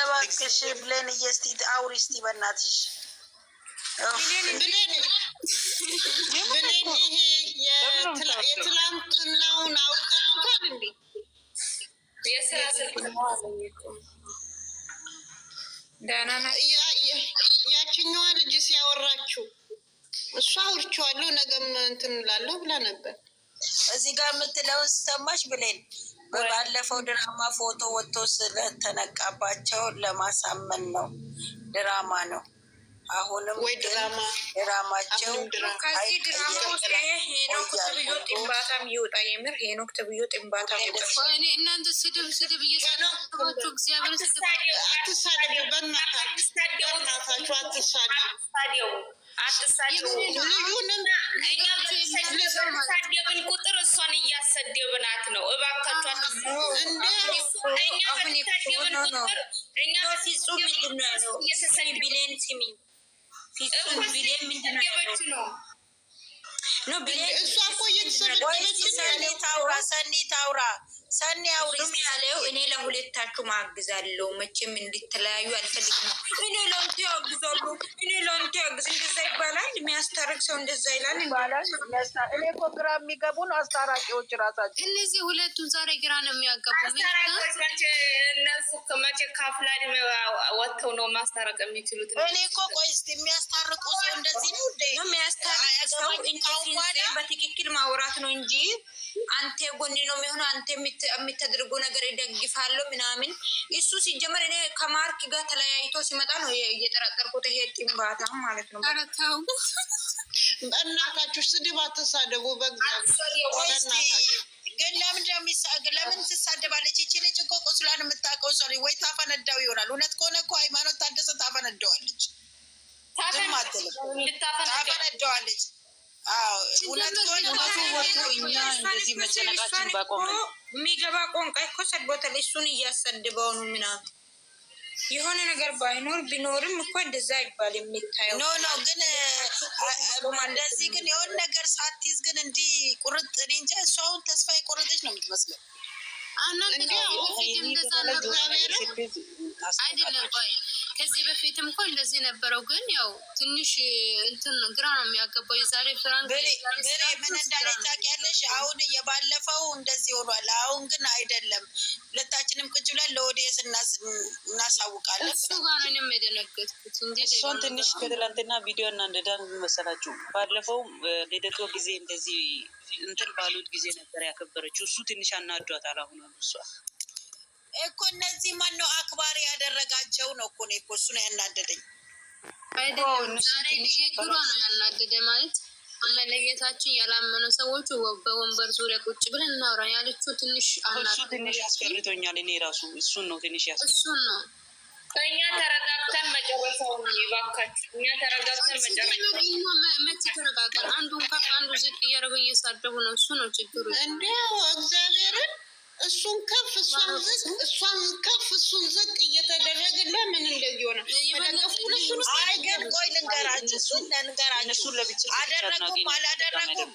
እባክሽ ብለን እስቲ አውሪ እስቲ በእናትሽ የትላንትናውን አውቃችኋል እንዴ? ያችኛዋ ልጅ ሲያወራችሁ እሷ አውርቼዋለሁ ነገም እንትን እላለሁ ብላ ነበር። እዚህ ጋር የምትለውን ሰማች ብሌን በባለፈው ድራማ ፎቶ ወጥቶ ስለተነቃባቸው ለማሳመን ነው። ድራማ ነው። አሁንም ድራማቸው ከዚህ ድራማ ውስጥ ሄኖክ ይወጣ። የምር ሄኖክ እናንተ ስድብ ስድብ እግዚአብሔር አትሳደቡ፣ በእናታችሁ አትሳደቡ። አትሳደብን ቁጥር እሷን እያሰደብናት ነው። እባካችሁ እኛ ቁጥር እኛ ፍጹም ምንድን ነው ያለው? እሷ እኮ እየተሰደበች ሰኒ ታውራ ሰኒ ታውራ ሰኒ አውሪኝ ያለው እኔ ለሁለታችሁ ማግዛለሁ። መቼም እንድትለያዩ አልፈልግም። እኔ ለአንተ ያግዛሉ፣ እኔ ለአንተ ያግዝ። እንደዛ ይባላል። የሚያስታርቅ ሰው እንደዛ ይላል። ይባላል። እኔ እኮ ግራ ነው አስታራቂዎች ራሳቸው እነዚህ ሁለቱን ዛሬ ግራ ነው የሚያገቡ። እነሱ ከመቼ ካፍላድ ወጥተው ነው ማስታረቅ የሚችሉት? እኔ እኮ ቆይ እስኪ የሚያስታርቁ ሰው እንደዚህ ነው ደ የሚያስታርቅ ሰው በትክክል ማውራት ነው እንጂ አንተ ጎን ነው የሚሆነው አንተ የምት የምታደርጉ ነገር ይደግፋለሁ ምናምን። እሱ ሲጀመር እኔ ከማርክ ጋር ተለያይቶ ሲመጣ ነው እየጠረጠርኩት። ይሄ ጢንባታ ማለት ነው። በእናታችሁ ስድብ አትሳደቡ። በእግዚአብሔር ግን ለምን ለምን ትሳደባለች? ይቺ ልጅ እኮ ቁስሏን የምታውቀው ሰው ወይ ታፈነዳው ይሆናል። እውነት ከሆነ እኮ ሃይማኖት ታደሰ ታፈነደዋለች፣ ታፈነደዋለች እውነት የሚገባ ቋንቋ እኮ ሰድቦታል። እሱን እያሰድበው ነው ምናምን የሆነ ነገር ባይኖር ቢኖርም እኮ እንደዛ ይባል የሚታየው ኖ ኖ ግን እንደዚህ ግን ነገር ሳትይዝ ግን እንዲህ ቁርጥ እኔ እንጃ። አሁን ተስፋ የቆረጠች ነው የምትመስለው። አይደለም ከዚህ በፊትም እኮ እንደዚህ ነበረው፣ ግን ያው ትንሽ እንትን ነው ግራ ነው የሚያገባው። የዛሬ ፍራንክ ምን እንዳለች ታውቂያለሽ? አሁን የባለፈው እንደዚህ ሆኗል። አሁን ግን አይደለም። ሁለታችንም ቁጭ ብለን ለኦዲየንስ እናሳውቃለን። እሱ ጋር ምንም የደነገጥኩት እሷን ትንሽ ከትላንትና ቪዲዮ እና እንደዳን መሰላችሁ። ባለፈው ልደቷ ጊዜ እንደዚህ እንትን ባሉት ጊዜ ነበር ያከበረችው። እሱ ትንሽ አናዷታል። አሁን እሷ እኮ እነዚህ ማነው አክባሪ ያደረጋቸው ነው እኮ እኔ እኮ እሱ ነው ያናደደኝ። ያናደደ ማለት መለየታችን ያላመኑ ሰዎች በወንበር ዙሪያ ቁጭ ብለን እናውራ ያለችው ትንሽ ትንሽ ያስፈርቶኛል። እኔ ራሱ እሱን ነው ትንሽ ያስ እሱን ነው እኛ ተረጋግተን መጨረሻው ይባካችሁ። እኛ ተረጋግተን መጨረሻው መቼ ተረጋጋል? አንዱ ከፍ አንዱ ዝቅ እያደረጉ እየሳደቡ ነው። እሱ ነው ችግሩ እንዲ እግዚአብሔርን እሱን ከፍ እሷን ዝቅ እሷን ከፍ እሱን ዝቅ እየተደረገ ለምን እንደዚህ ሆነ? ግን ቆይ ልንገራችሁ ልንገራችሁ አደረጉም አላደረጉም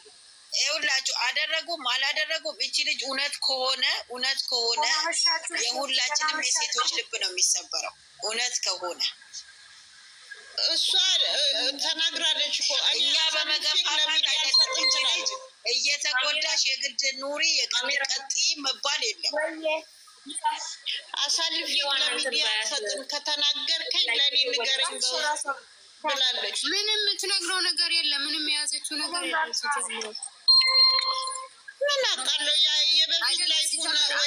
ይኸውላችሁ አደረጉም አላደረጉም፣ እቺ ልጅ እውነት ከሆነ እውነት ከሆነ የሁላችንም የሴቶች ልብ ነው የሚሰበረው። እውነት ከሆነ እሷ ተናግራለች እኮ እኛ በመገፋፋት አይደለም እየተጎዳሽ የግድ ኑሪ የግድ ቀጥይ መባል የለም። አሳልፍ ለሚዲያ ሰጥን ከተናገርከኝ ለእኔ ንገረኝ ብላለች። ምንም የምትነግረው ነገር የለም። ምንም የያዘችው ነገር የለም። ምን አውቃለሁ። የበፊት ላይ ወይ ታዋቂ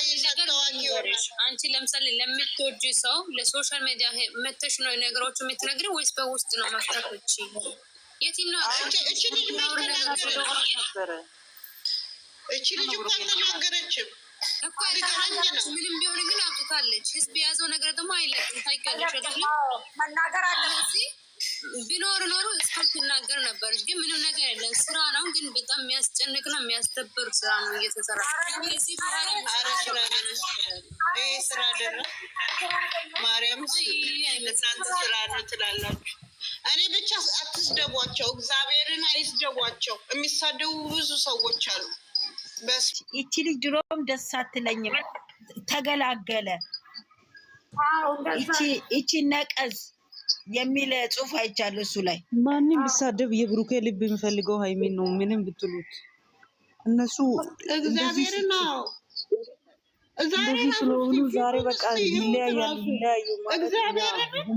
ይሆናል። አንቺ ለምሳሌ ለምትወጂ ሰው ለሶሻል ሚዲያ መተሽ ነው ነገሮቹ የምትነግሪ ወይስ በውስጥ ነው መፍታት? እቺ ልጅ እኮ አልተናገረችም እኮ ያልተናገረች ምንም ቢሆን ግን አውጥታለች። ህዝብ የያዘው ነገር ደግሞ አይለቅም። ታይቀለች መናገር አለ ቢኖር ኖሮ እስከምትናገር ነበረች። ግን ምንም ነገር የለም። ስራ ነው፣ ግን በጣም የሚያስጨንቅ ነው፣ የሚያስደብር ስራ ነው እየተሰራ እኔ ብቻ አትስደቧቸው፣ እግዚአብሔርን አይስደቧቸው። የሚሳደቡ ብዙ ሰዎች አሉ። ይቺ ልጅ ድሮም ደስ አትለኝም። ተገላገለ ይቺ ነቀዝ የሚል ጽሁፍ አይቻለሁ። እሱ ላይ ማንም ቢሳደብ የብሩኬ ልብ የሚፈልገው ሀይሚን ነው። ምንም ብትሉት እነሱ እግዚአብሔር ነው። እንደዚህ ስለሆኑ ዛሬ በቃ ይለያያሉ ይለያዩ ማለት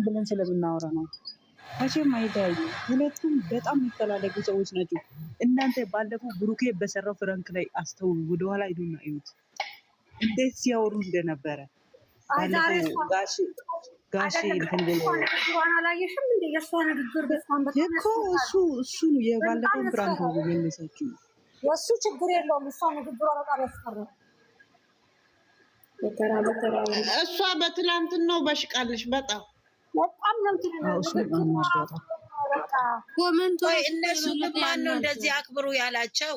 ብለን ስለምናወራ ነው። መቼም አይተያዩ። ሁለቱም በጣም የሚፈላለጉ ሰዎች ናቸው። እናንተ ባለፈው ብሩኬ በሰራው ፍረንክ ላይ አስተውሉ፣ ወደኋላ ሂዱና እዩት እንዴት ሲያወሩ እንደነበረ ባለፈው ጋሽ ጋሼ እንትን አላየሽም እንደ እሱ የባለፈው ብራንድ ነው የመሰችው። የእሱ ችግር የለውም። እሷ ንግግሯ በጣም ያስፈራል። እሷ በትላንትን ነው በሽቃለሽ። በጣም በጣም እነሱ ማን ነው እንደዚህ አክብሩ ያላቸው?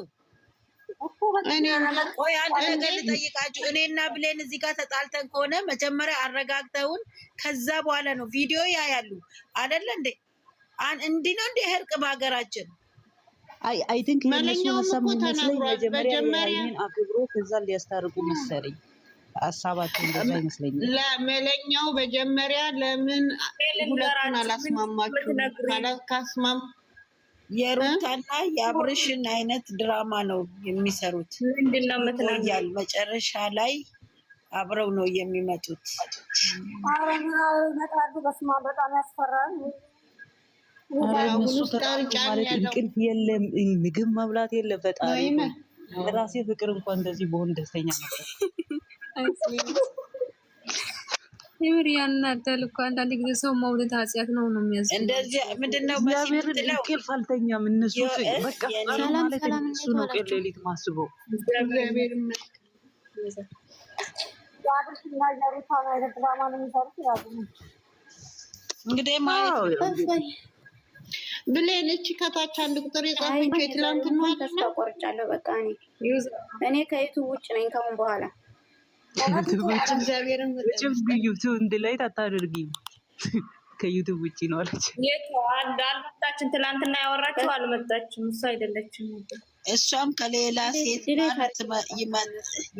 ቆይ አንድ ልጠይቃችሁ። እኔና ብሌን እዚህ ጋር ተጣልተን ከሆነ መጀመሪያ አረጋግተውን ከዛ በኋላ ነው ቪዲዮ ያያሉ አይደለ እንዴ? እንዲህ ነው እንደ እርቅ በሀገራችን አይ አይ ቲንክ የነሱ ሀሳብ የሚመስለኝ መጀመሪያ አክብሮ ከዛ ሊያስታርቁ መሰለኝ ሀሳባቸው እንደዛ ይመስለኛል። ለመለኛው መጀመሪያ ለምን ሁለቱን አላስማማችሁ ካስማም የሩታና የአብርሽን አይነት ድራማ ነው የሚሰሩት። ምንድነው መጨረሻ ላይ አብረው ነው የሚመጡት። እንቅልፍ የለም፣ ምግብ መብላት የለ። በጣም ራሴ ፍቅር እንኳን እንደዚህ በሆን ደስተኛ ነበር። የምር ያናዳል እኮ አንዳንድ ጊዜ ሰው መውደድ ኃጢአት ነው ነው የሚያዝ እንደዚህ አልተኛም። እነሱ ነው ማስበው እንግዲህ ከታች አንድ ቁጥር የጻፈችው የትላንትና ቆርጫለሁ። በቃ እኔ ከዩቱብ ውጭ ነኝ ከአሁን በኋላ ዩቱብ ላይ ታታደርጊ ከዩቱብ ውጭ ነው አለች። አልመጣችም። ትላንትና ያወራችው አልመጣችም። እሱ አይደለችም። እሷም ከሌላ ሴት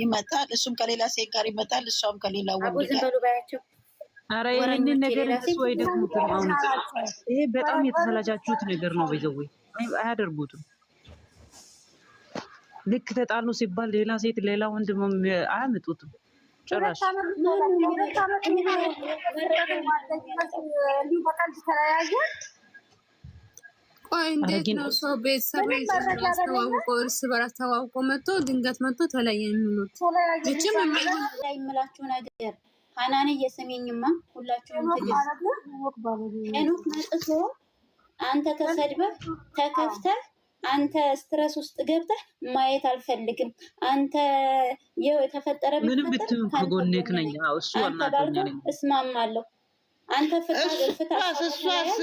ይመጣል፣ እሱም ከሌላ ሴት ጋር ይመጣል፣ እሷም ከሌላ ወንድ ጋር አረ ይህንን ነገር ወይ ደግሞ ይሄ በጣም የተሰላቻችሁት ነገር ነው። በዘዌ አያደርጉትም ልክ ተጣሉ ሲባል ሌላ ሴት ሌላ ወንድ አያመጡትም ጭራሽ። ቆይ እንዴት ነው ሰው ቤተሰብ ተዋውቆ እርስ በራስ ተዋውቆ መጥቶ ድንገት መጥቶ የሚሉት? የምላችሁ ነገር እየሰሜኝማ ሁላችሁም ትግስት ሄኖክ መጥቶ አንተ ተሰድበህ ተከፍተህ አንተ ስትረስ ውስጥ ገብተህ ማየት አልፈልግም። አንተ የተፈጠረ ምንም ብትም ከጎንክ ነኝ። እሱ እስማማለሁ። አንተ ፍታስ እሷስ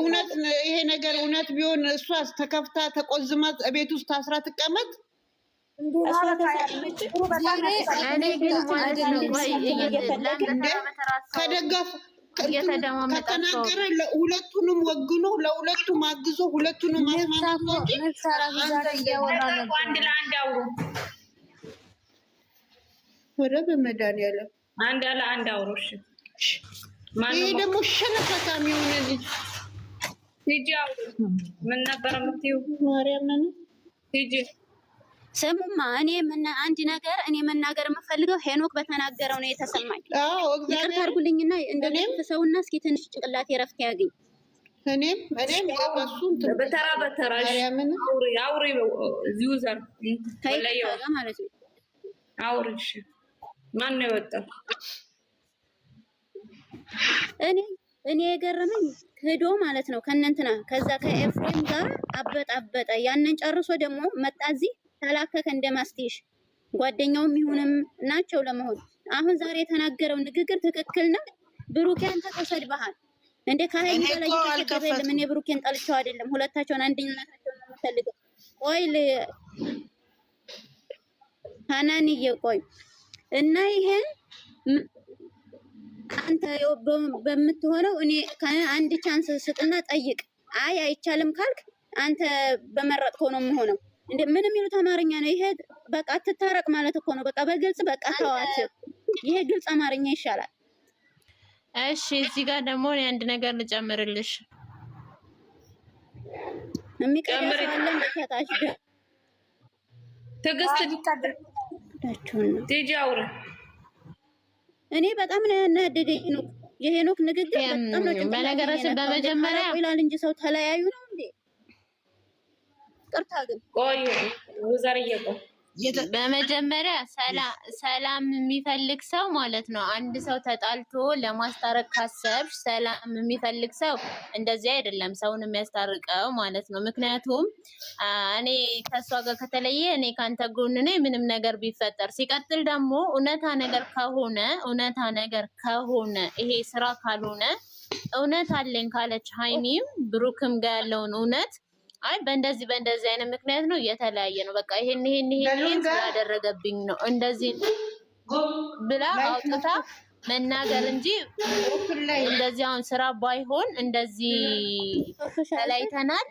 እውነት ይሄ ነገር እውነት ቢሆን እሷስ ተከፍታ ተቆዝማ ቤት ውስጥ አስራ ትቀመጥ። ከደገፍ ከተናገረ ሁለቱንም ወግኖ ለሁለቱም አግዞ ሁለቱንም አስማማት አንድ ለአንድ አውሩ። ወደ በመድኃኒዓለም አንድ ለአንድ አውሩ። ይሄ ደግሞ ሸነፈታ የሆነ ልጅ ሂጂ አውሩ። ምን ነበር የምትይው ማርያምን ሂጂ ስሙማ እኔ ምን አንድ ነገር እኔ መናገር የምፈልገው ሄኖክ በተናገረው ነው የተሰማኝ። ይቅርታ አድርጉልኝና እንደም ሰውና እስኪ ትንሽ ጭንቅላት የረፍት ያገኝ። እኔም እኔም በተራ በተራ አውሪ ዩዘር ማለት ነው አውሪ። ማን ነው የወጣው? እኔ እኔ የገረመኝ ሄዶ ማለት ነው ከእነ እንትና ከዛ ከኤፍሬም ጋር አበጣበጠ ያንን ጨርሶ ደግሞ መጣ እዚህ ተላከከ እንደ ማስቲሽ ጓደኛውም ይሁንም ናቸው ለመሆን አሁን ዛሬ የተናገረው ንግግር ትክክል ነው። ብሩኬን አንተ ተሰድበሃል እንደ ካህን ላይ ይተከበል ምን ብሩኬን ጠልቼው አይደለም። ሁለታቸውን አንደኛነታቸውን ነው የምፈልገው። ቆይ ሀናንዬ ቆይ እና ይሄን አንተ በምትሆነው እኔ አንድ ቻንስ ስጥና ጠይቅ። አይ አይቻልም ካልክ አንተ በመረጥከው ነው የምሆነው እንደ ምንም የሚሉት አማርኛ ነው ይሄ? በቃ አትታረቅ ማለት እኮ ነው። በቃ በግልጽ በቃ ተዋት። ይሄ ግልጽ አማርኛ ይሻላል። እሺ፣ እዚህ ጋር ደግሞ አንድ ነገር ልጨምርልሽ። የሚቀደሳለን ከታች ትዕግስት ሊታደር እኔ በጣም ነው ያናደደኝ ነው የሄኖክ ንግግር። በጣም ነው በነገራችን በመጀመሪያ ይላል እንጂ ሰው ተለያዩ ነው እንዴ? ይቅርታ ግን ቆይ ዘርዬ ቆይ በመጀመሪያ ሰላም የሚፈልግ ሰው ማለት ነው። አንድ ሰው ተጣልቶ ለማስታረቅ ካሰብሽ ሰላም የሚፈልግ ሰው እንደዚህ አይደለም ሰውን የሚያስታርቀው ማለት ነው። ምክንያቱም እኔ ከእሷ ጋር ከተለየ እኔ ከአንተ ጎን ነኝ ምንም ነገር ቢፈጠር። ሲቀጥል ደግሞ እውነታ ነገር ከሆነ እውነታ ነገር ከሆነ ይሄ ስራ ካልሆነ እውነት አለኝ ካለች ሀይሚም ብሩክም ጋር ያለውን እውነት አይ በእንደዚህ በእንደዚህ አይነት ምክንያት ነው የተለያየ ነው በቃ ይሄን ይሄን ይሄን ስላደረገብኝ ነው እንደዚህ ብላ አውጥታ መናገር እንጂ እንደዚህ አሁን ስራ ባይሆን እንደዚህ ተለያይተናል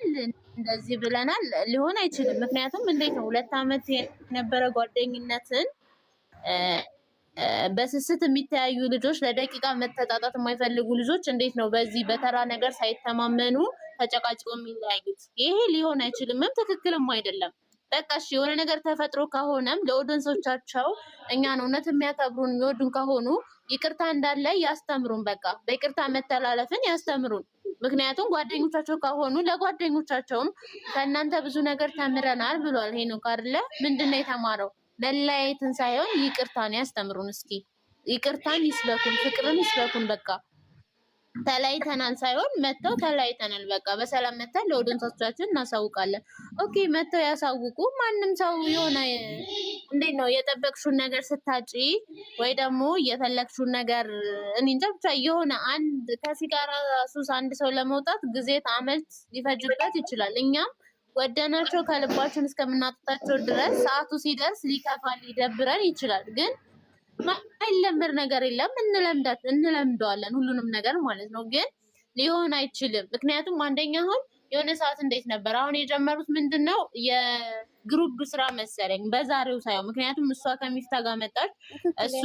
እንደዚህ ብለናል ሊሆን አይችልም። ምክንያቱም እንዴት ነው ሁለት ዓመት የነበረ ጓደኝነትን በስስት የሚተያዩ ልጆች፣ ለደቂቃ መተጣጣት የማይፈልጉ ልጆች እንዴት ነው በዚህ በተራ ነገር ሳይተማመኑ ተጨቃጭቆ የሚለያዩት ይሄ ሊሆን አይችልምም፣ ትክክልም አይደለም። በቃ እሺ የሆነ ነገር ተፈጥሮ ከሆነም ለኦዲየንሶቻቸው እኛን እውነት የሚያከብሩን የሚወዱን ከሆኑ ይቅርታ እንዳለ ያስተምሩን። በቃ በይቅርታ መተላለፍን ያስተምሩን። ምክንያቱም ጓደኞቻቸው ከሆኑ ለጓደኞቻቸውም ከእናንተ ብዙ ነገር ተምረናል ብሏል ሄኖክ አይደለ? ምንድን ነው የተማረው? መለያየትን ሳይሆን ይቅርታን ያስተምሩን። እስኪ ይቅርታን ይስበኩን፣ ፍቅርን ይስበኩን። በቃ ተለያይተናል ሳይሆን መጥተው ተለያይተናል፣ በቃ በሰላም መጥተን ለኦዲየንሶቻችን እናሳውቃለን። ኦኬ መጥተው ያሳውቁ። ማንም ሰው የሆነ እንዴት ነው የጠበቅሽውን ነገር ስታጪ ወይ ደግሞ እየፈለግሽውን ነገር እኔ እንጃ ብቻ የሆነ አንድ ከሲጋራ ሱስ አንድ ሰው ለመውጣት ጊዜ ዓመት ሊፈጅበት ይችላል። እኛም ወደናቸው ከልባችን እስከምናጠጣቸው ድረስ ሰዓቱ ሲደርስ ሊከፋል ሊደብረን ይችላል ግን ማይለመድ ነገር የለም። እንለምዳት እንለምደዋለን ሁሉንም ነገር ማለት ነው። ግን ሊሆን አይችልም። ምክንያቱም አንደኛ አሁን የሆነ ሰዓት እንዴት ነበር አሁን የጀመሩት ምንድን ነው የግሩፕ ስራ መሰለኝ በዛሬው ሳይሆን፣ ምክንያቱም እሷ ከሚፍታ ጋር መጣች፣ እሱ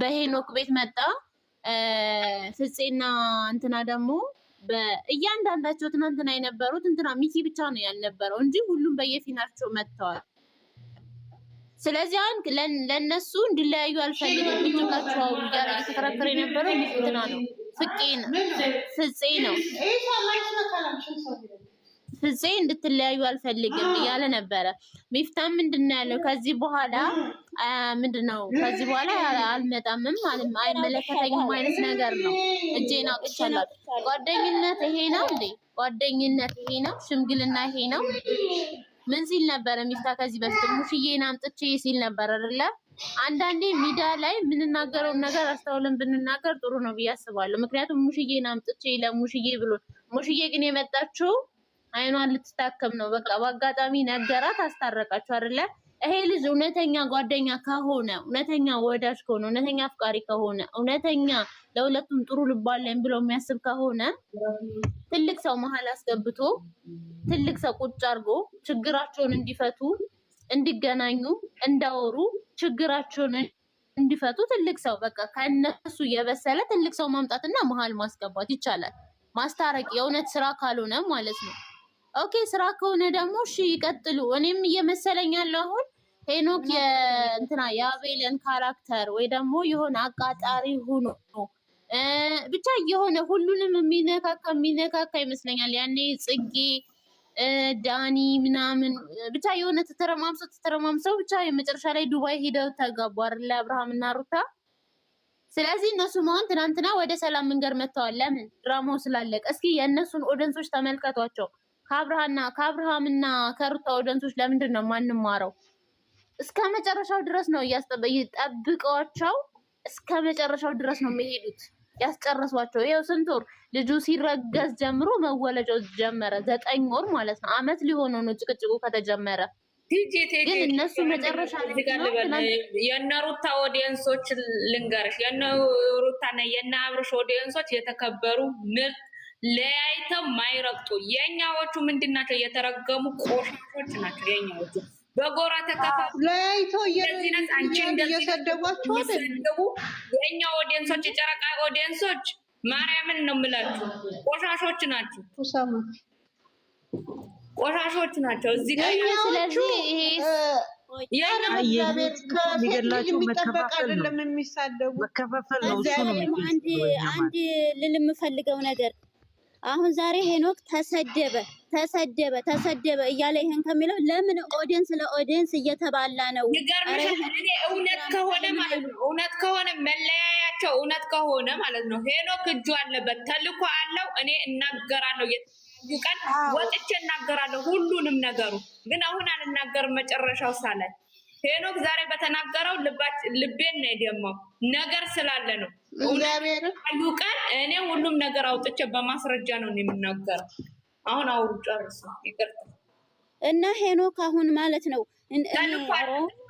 በሄኖክ ቤት መጣ፣ ፍፄና እንትና ደግሞ እያንዳንዳቸው ትናንትና የነበሩት እንትና ሚኪ ብቻ ነው ያልነበረው እንጂ ሁሉም በየፊናቸው መጥተዋል። ስለዚህ አሁን ለእነሱ እንዲለያዩ አልፈልግም። ብጭላቸው ጋር እየተከራከረ የነበረው ሚፍትና ነው ፍቄ ነው ፍጼ ነው ፍጼ እንድትለያዩ አልፈልግም እያለ ነበረ። ሚፍታ ምንድን ነው ያለው? ከዚህ በኋላ ምንድን ነው ከዚህ በኋላ አልመጣምም አለም አይመለከተኝም አይነት ነገር ነው። እጄን አውጥቻለሁ። ጓደኝነት ይሄ ነው እንዴ? ጓደኝነት ይሄ ነው? ሽምግልና ይሄ ነው? ምን ሲል ነበር የሚፍታ ከዚህ በፊት ሙሽዬን አምጥቼ ሲል ነበር አይደለ? አንዳንዴ ሚዲያ ላይ የምንናገረውን ነገር አስተውለን ብንናገር ጥሩ ነው ብዬ አስባለሁ። ምክንያቱም ሙሽዬን አምጥቼ ለሙሽዬ ብሎ ሙሽዬ ግን የመጣችው አይኗን ልትታከም ነው። በቃ በአጋጣሚ ነገራት፣ አስታረቃችሁ አይደለ? ይሄ ልጅ እውነተኛ ጓደኛ ከሆነ እውነተኛ ወዳጅ ከሆነ እውነተኛ አፍቃሪ ከሆነ እውነተኛ ለሁለቱም ጥሩ ልባለኝ ብሎ የሚያስብ ከሆነ ትልቅ ሰው መሀል አስገብቶ ትልቅ ሰው ቁጭ አድርጎ ችግራቸውን እንዲፈቱ እንዲገናኙ እንዳወሩ ችግራቸውን እንዲፈቱ ትልቅ ሰው በቃ ከነሱ የበሰለ ትልቅ ሰው ማምጣትና መሀል ማስገባት ይቻላል። ማስታረቅ የእውነት ስራ ካልሆነ ማለት ነው። ኦኬ ስራ ከሆነ ደግሞ እሺ ይቀጥሉ። እኔም እየመሰለኝ ያለው አሁን ሄኖክ የእንትና የአቤልን ካራክተር ወይ ደግሞ የሆነ አቃጣሪ ሁኖ ብቻ የሆነ ሁሉንም የሚነካካ የሚነካካ ይመስለኛል። ያኔ ጽጌ ዳኒ ምናምን ብቻ የሆነ ተተረማምሰው ተተረማምሰው ብቻ የመጨረሻ ላይ ዱባይ ሄደው ተጋቡ አይደል አብርሃም እና ሩታ። ስለዚህ እነሱ መሆን ትናንትና ወደ ሰላም መንገድ መጥተዋል። ለምን ድራማው ስላለቀ። እስኪ የእነሱን ኦደንሶች ተመልከቷቸው። ከአብርሃና ከአብርሃምና ከሩታ ወደንሶች ለምንድን ነው ማንማረው? እስከ መጨረሻው ድረስ ነው እያስጠብቀዋቸው እስከ መጨረሻው ድረስ ነው የሚሄዱት ያስጨረሷቸው። ይኸው ስንት ወር ልጁ ሲረገዝ ጀምሮ መወለጃው ጀመረ። ዘጠኝ ወር ማለት ነው። አመት ሊሆነው ነው ጭቅጭቁ ከተጀመረ። ግን እነሱ መጨረሻ የነ ሩታ ኦዲየንሶች ልንገርሽ፣ የነ ሩታና የነ አብርሽ ኦዲየንሶች የተከበሩ ምርጥ ለያይተ ማይረግጡ የኛዎቹ ምንድን ናቸው? የተረገሙ ቆሻሾች ናቸው። የኛዎቹ። በጎራ ተከፋለያይቶ ለያይተው እየሰደቧቸው ሰደቡ። የእኛ ኦዲየንሶች፣ የጨረቃ ኦዲየንሶች ማርያምን ነው የምላችሁ፣ ቆሻሾች ናቸው። ቆሻሾች ናቸው። እዚህ ላይ የሚጠበቅ አይደለም የሚሳደቡ መከፋፈል ነው። አንድ ልል የምፈልገው ነገር አሁን ዛሬ ሄኖክ ተሰደበ ተሰደበ ተሰደበ እያለ ይሄን ከሚለው ለምን ኦዲየንስ ለኦዲየንስ እየተባላ ነው? እውነት ከሆነ ማለት ነው። እውነት ከሆነ መለያያቸው እውነት ከሆነ ማለት ነው። ሄኖክ እጁ አለበት፣ ተልኮ አለው። እኔ እናገራለሁ፣ ቀን ወጥቼ እናገራለሁ ሁሉንም ነገሩ። ግን አሁን አልናገርም መጨረሻው ሳላይ ሄኖክ ዛሬ በተናገረው ልቤን ነው የደማው። ነገር ስላለ ነው ዩ ቀን እኔ ሁሉም ነገር አውጥቼ በማስረጃ ነው የምናገረው። አሁን አውሩ ጨርሱ፣ ይቅርታ እና ሄኖክ አሁን ማለት ነው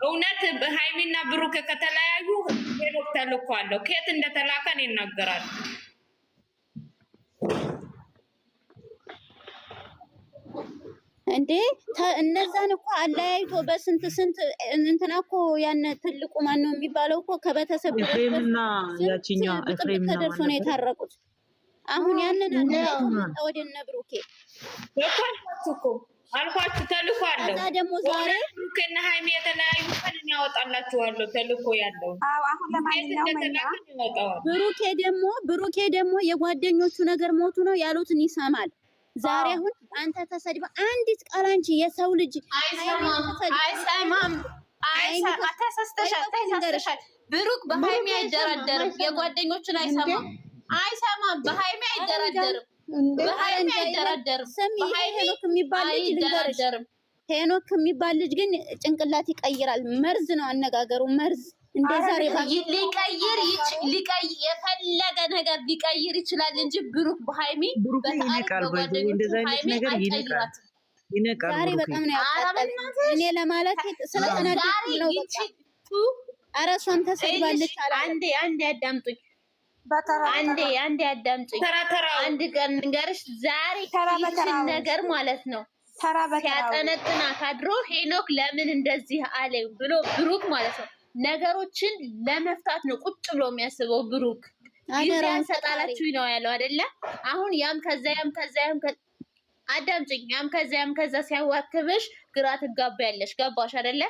እውነት ሀይሚና ብሩክ ከተለያዩ ሄኖክ ተልኳለሁ። ኬት እንደተላከን ይናገራል። እንዴ እነዛን እኮ አለያይቶ በስንት ስንት እንትና እኮ ያን ትልቁ ማን ነው የሚባለው እኮ ከቤተሰብ ኤፍሬምና ያቺኛ ኤፍሬም ተደርሶ ነው የታረቁት። አሁን ያንን አለ ወደ እነ ብሩኬ እኮ አልኳችሁ። ተልኮ አለው እና ደግሞ ዛሬ ብሩኬና ሀይሚ የተለያዩ ቀን ያወጣላችኋለሁ። ተልኮ ያለው አሁን ለማንኛውም ብሩኬ ደግሞ ብሩኬ ደግሞ የጓደኞቹ ነገር ሞቱ ነው ያሉትን ይሰማል። ዛሬ አሁን አንተ ተሰድባ አንዲት ቃል አንቺ የሰው ልጅ አይሰማም። ብሩክ በሃይሚ አይደራደርም። የጓደኞቹን አይሰማም፣ አይሰማም። በሃይሚ አይደራደርም፣ በሃይሚ አይደራደርም። ሄኖክ የሚባል ልጅ ልንገርሽ፣ ሄኖክ የሚባል ልጅ ግን ጭንቅላት ይቀይራል። መርዝ ነው አነጋገሩ፣ መርዝ ሊቀይር የፈለገ ነገር ሊቀይር ይችላል እንጂ ብሩክ በሃይሚ ዛሬ በጣም ነው ያቃጠለኝ። እኔ ለማለት ነው። ኧረ እሷም ተሰድባለች። አንዴ አንዴ አዳምጡኝ፣ አንዴ አንዴ አዳምጡኝ። አንድ ቀን ንገርሽ ዛሬ ነገር ማለት ነው ሲያጠነጥና ካድሮ ሄኖክ ለምን እንደዚህ አለ ብሎ ብሩክ ማለት ነው ነገሮችን ለመፍታት ነው ቁጭ ብሎ የሚያስበው ብሩክ። ጊዜ ሰጣላችሁ ነው ያለው አይደለ? አሁን ያም ከዛ ያም ከዛ ያም አዳምጪኝ፣ ያም ከዛ ያም ከዛ ሲያዋክብሽ ግራ ትጋቢያለሽ። ገባሽ አይደለ?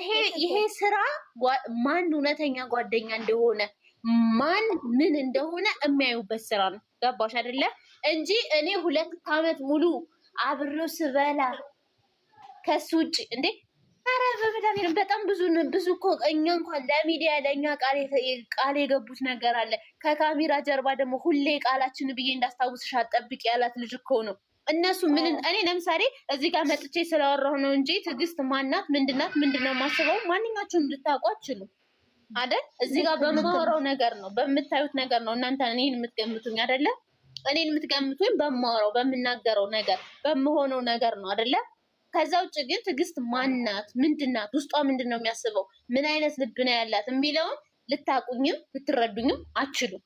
ይሄ ይሄ ስራ ማን እውነተኛ ጓደኛ እንደሆነ ማን ምን እንደሆነ የሚያዩበት ስራ ነው። ገባሽ አይደለ? እንጂ እኔ ሁለት አመት ሙሉ አብሬው ስበላ ከሱ ውጭ እንዴ አረ በመድኃኒዓለም በጣም ብዙ ብዙ እኮ እኛ እንኳን ለሚዲያ ለእኛ ቃል የገቡት ነገር አለ። ከካሜራ ጀርባ ደግሞ ሁሌ ቃላችን ብዬ እንዳስታውስሽ አጠብቂ ያላት ልጅ እኮ ነው። እነሱ ምን እኔ ለምሳሌ እዚህ ጋር መጥቼ ስለወራሁ ነው እንጂ ትዕግስት ማናት ምንድናት ምንድነው የማስበው ማንኛቸውም ልታውቁ አትችሉም አይደል? እዚህ ጋር በማወራው ነገር ነው በምታዩት ነገር ነው እናንተ እኔን የምትገምቱኝ አይደለም? እኔን የምትገምቱኝ በማወራው በምናገረው ነገር በምሆነው ነገር ነው አይደለም? ከዛ ውጭ ግን ትዕግስት ማናት? ምንድናት? ውስጧ ምንድን ነው የሚያስበው? ምን አይነት ልብ ነው ያላት የሚለውን ልታቁኝም ልትረዱኝም አችሉም።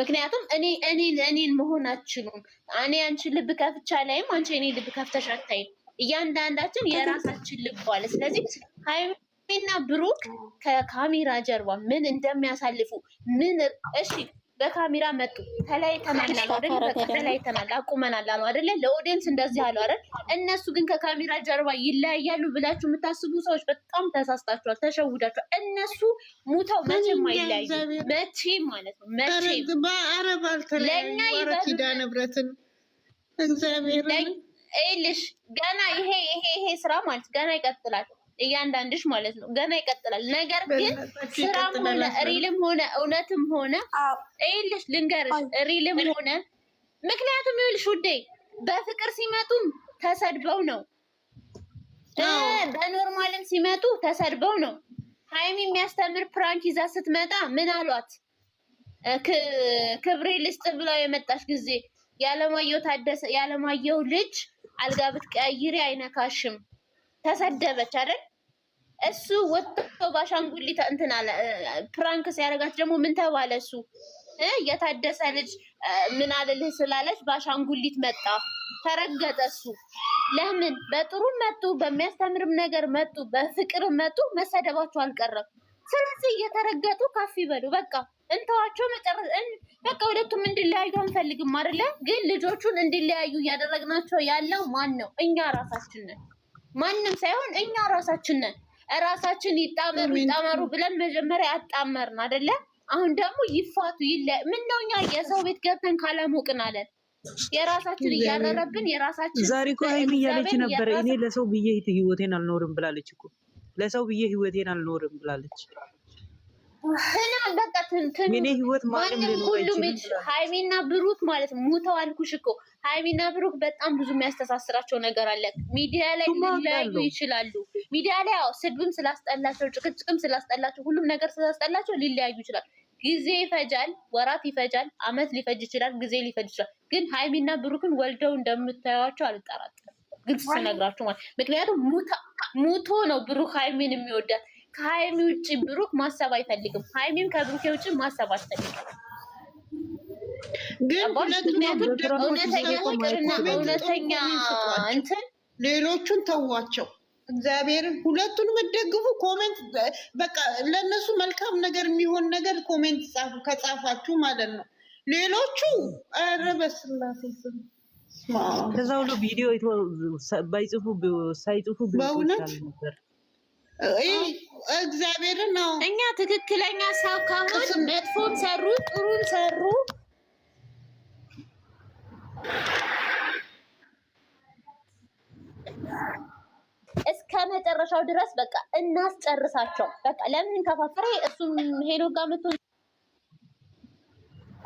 ምክንያቱም እኔ እኔን እኔን መሆን አችሉም። እኔ አንቺ ልብ ከፍቻ ላይም አንቺ እኔ ልብ ከፍተሽ አታይም። እያንዳንዳችን የራሳችን ልብ አለ። ስለዚህ ሀይሜና ብሩክ ከካሜራ ጀርባ ምን እንደሚያሳልፉ ምን እሺ በካሜራ መጡ። ከላይ ተመላል ተመላ አቁመናል አሉ አደለ? ለኦዲየንስ እንደዚህ አሉ አይደል? እነሱ ግን ከካሜራ ጀርባ ይለያያሉ ብላችሁ የምታስቡ ሰዎች በጣም ተሳስታችኋል፣ ተሸውዳችኋል። እነሱ ሙተው መቼም አይለያዩ፣ መቼም ማለት ነው። መቼም አረብ አልተለያዩ። ኪዳነ እግዚአብሔር ይልሽ ገና ይሄ ይሄ ይሄ ስራ ማለት ገና ይቀጥላል። እያንዳንድሽ ማለት ነው። ገና ይቀጥላል። ነገር ግን ስራም ሆነ ሪልም ሆነ እውነትም ሆነ ይልሽ ልንገርሽ፣ ሪልም ሆነ ምክንያቱም ይልሽ ውዴ በፍቅር ሲመጡም ተሰድበው ነው፣ በኖርማልም ሲመጡ ተሰድበው ነው። ሀይሚ የሚያስተምር ፕራንክ ይዛ ስትመጣ ምን አሏት? ክብሬ ልስጥ ብላ የመጣሽ ጊዜ ያለማየሁ ታደሰ ያለማየሁ ልጅ አልጋ ብትቀይሪ አይነካሽም ተሰደበች አይደል? እሱ ወጥቶ ባሻንጉሊት እንትን አለ። ፕራንክ ሲያደርጋት ደግሞ ምን ተባለ? እሱ የታደሰ ልጅ ምን አልልህ ስላለች ባሻንጉሊት መጣ፣ ተረገጠ። እሱ ለምን በጥሩ መጡ፣ በሚያስተምርም ነገር መጡ፣ በፍቅር መጡ፣ መሰደባቸው አልቀረም። ስለዚህ እየተረገጡ ካፍ ይበሉ። በቃ እንተዋቸው። በቃ ሁለቱም እንዲለያዩ አንፈልግም አይደለ? ግን ልጆቹን እንዲለያዩ እያደረግናቸው ያለው ማን ነው? እኛ ራሳችን ነን። ማንም ሳይሆን እኛ ራሳችን ነን። ራሳችን ይጣመሩ ይጣመሩ ብለን መጀመሪያ ያጣመርን አደለ? አሁን ደግሞ ይፋቱ ይለ ምን ነው እኛ የሰው ቤት ገብተን ካላሞቅን አለን። የራሳችን እያረረብን የራሳችን ዛሬ እኮ ሀይሚ እያለች ነበረ። እኔ ለሰው ብዬ ህይወቴን አልኖርም ብላለች እኮ ለሰው ብዬ ህይወቴን አልኖርም ብላለች። ህንም በቃ ትንትን ሁሉም ሀይሚና ብሩክ ማለት ሙተው አልኩሽ እኮ ሀይሚና ብሩክ በጣም ብዙ የሚያስተሳስራቸው ነገር አለ። ሚዲያ ላይ ሊለያዩ ይችላሉ። ሚዲያ ላይ ያው ስድብም ስላስጠላቸው፣ ጭቅጭቅም ስላስጠላቸው፣ ሁሉም ነገር ስላስጠላቸው ሊለያዩ ይችላል። ጊዜ ይፈጃል፣ ወራት ይፈጃል፣ አመት ሊፈጅ ይችላል፣ ጊዜ ሊፈጅ ይችላል። ግን ሀይሚና ብሩክን ወልደው እንደምታያቸው አልጠራጠርም። ግልጽ ስነግራችሁ ማለት ምክንያቱም ሙቶ ነው ብሩክ ሀይሚን የሚወዳት ከሀይሚ ውጭ ብሩክ ማሰብ አይፈልግም። ሀይሚም ከብሩክ ውጭ ማሰብ አትፈልግም። እውነተኛ እንትን ሌሎቹን ተዋቸው። እግዚአብሔርን ሁለቱን መደግፉ ኮሜንት በቃ ለእነሱ መልካም ነገር የሚሆን ነገር ኮሜንት ጻፉ፣ ከጻፋችሁ ማለት ነው። ሌሎቹ ኧረ በስላሴ ስም ከዛ ሁሉ ቪዲዮ ሳይጽፉ ሳይጽፉ በእውነት እግዚአብሔር ነው። እኛ ትክክለኛ ሰው ከሆን መጥፎን ሰሩ ጥሩን ሰሩ እስከ መጨረሻው ድረስ በቃ እናስጨርሳቸው። በቃ ለምን እንከፋፍሬ እሱም ሄዶ ጋር መቶ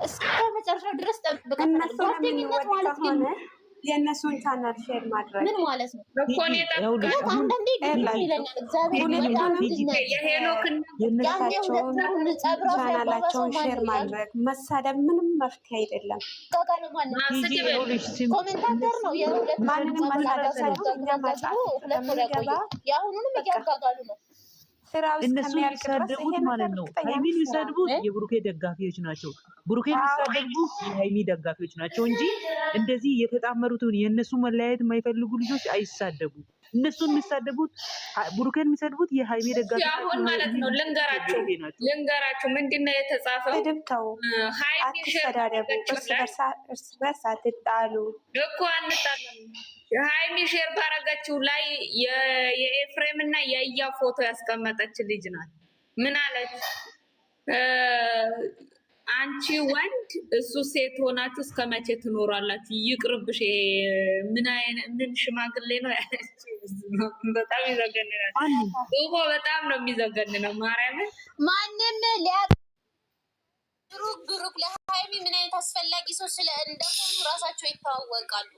እስከ መጨረሻው ድረስ ጠብቀ ጓደኝነት ማለት ግን የእነሱን ቻናል ሼር ማድረግ ምን ማለት ነው? ይለኛል ቻናላቸውን ሼር ማድረግ መሳደብ ምንም መፍትሄ አይደለም። ኮሜንታተር ነው የሁለት ማንንም መሳደብ ሳይሆን እኛ መጽሐፍ ስለሚገባ የአሁኑንም እያጋጋሉ ነው እነሱ የሚሳደቡት ማለት ነው ሀይሚን የሚሳደቡት የብሩኬ ደጋፊዎች ናቸው። ብሩኬ የሚሳደቡት የሀይሚ ደጋፊዎች ናቸው እንጂ እንደዚህ የተጣመሩትን የእነሱ መለያየት የማይፈልጉ ልጆች አይሳደቡም። እነሱን የሚሳደቡት ብሩኬን የሚሰድቡት የሀይሚ ደጋፊዎች አሁን ማለት ነው። ልንገራችሁ ልንገራችሁ ምንድን ነው የተጻፈው? ሀይሚ ሸዳደቡ እርስ በርስ አትጣሉ እኮ አንጣለም ሀይሚ ሼር ባረገችው ላይ የኤፍሬም እና የእያ ፎቶ ያስቀመጠች ልጅ ናት። ምን አለች? አንቺ ወንድ እሱ ሴት ሆናችሁ እስከ መቼ ትኖራላችሁ? ይቅርብሽ። ምን ሽማግሌ ነው ያለችው። በጣም ይዘገንናል። ጡቦ በጣም ነው የሚዘገንነው። ማርያምን ማንም ሊያ ብሩክ ብሩክ ለሀይሚ ምን አይነት አስፈላጊ ሰው ስለ እንደሆኑ ራሳቸው ይታወቃሉ።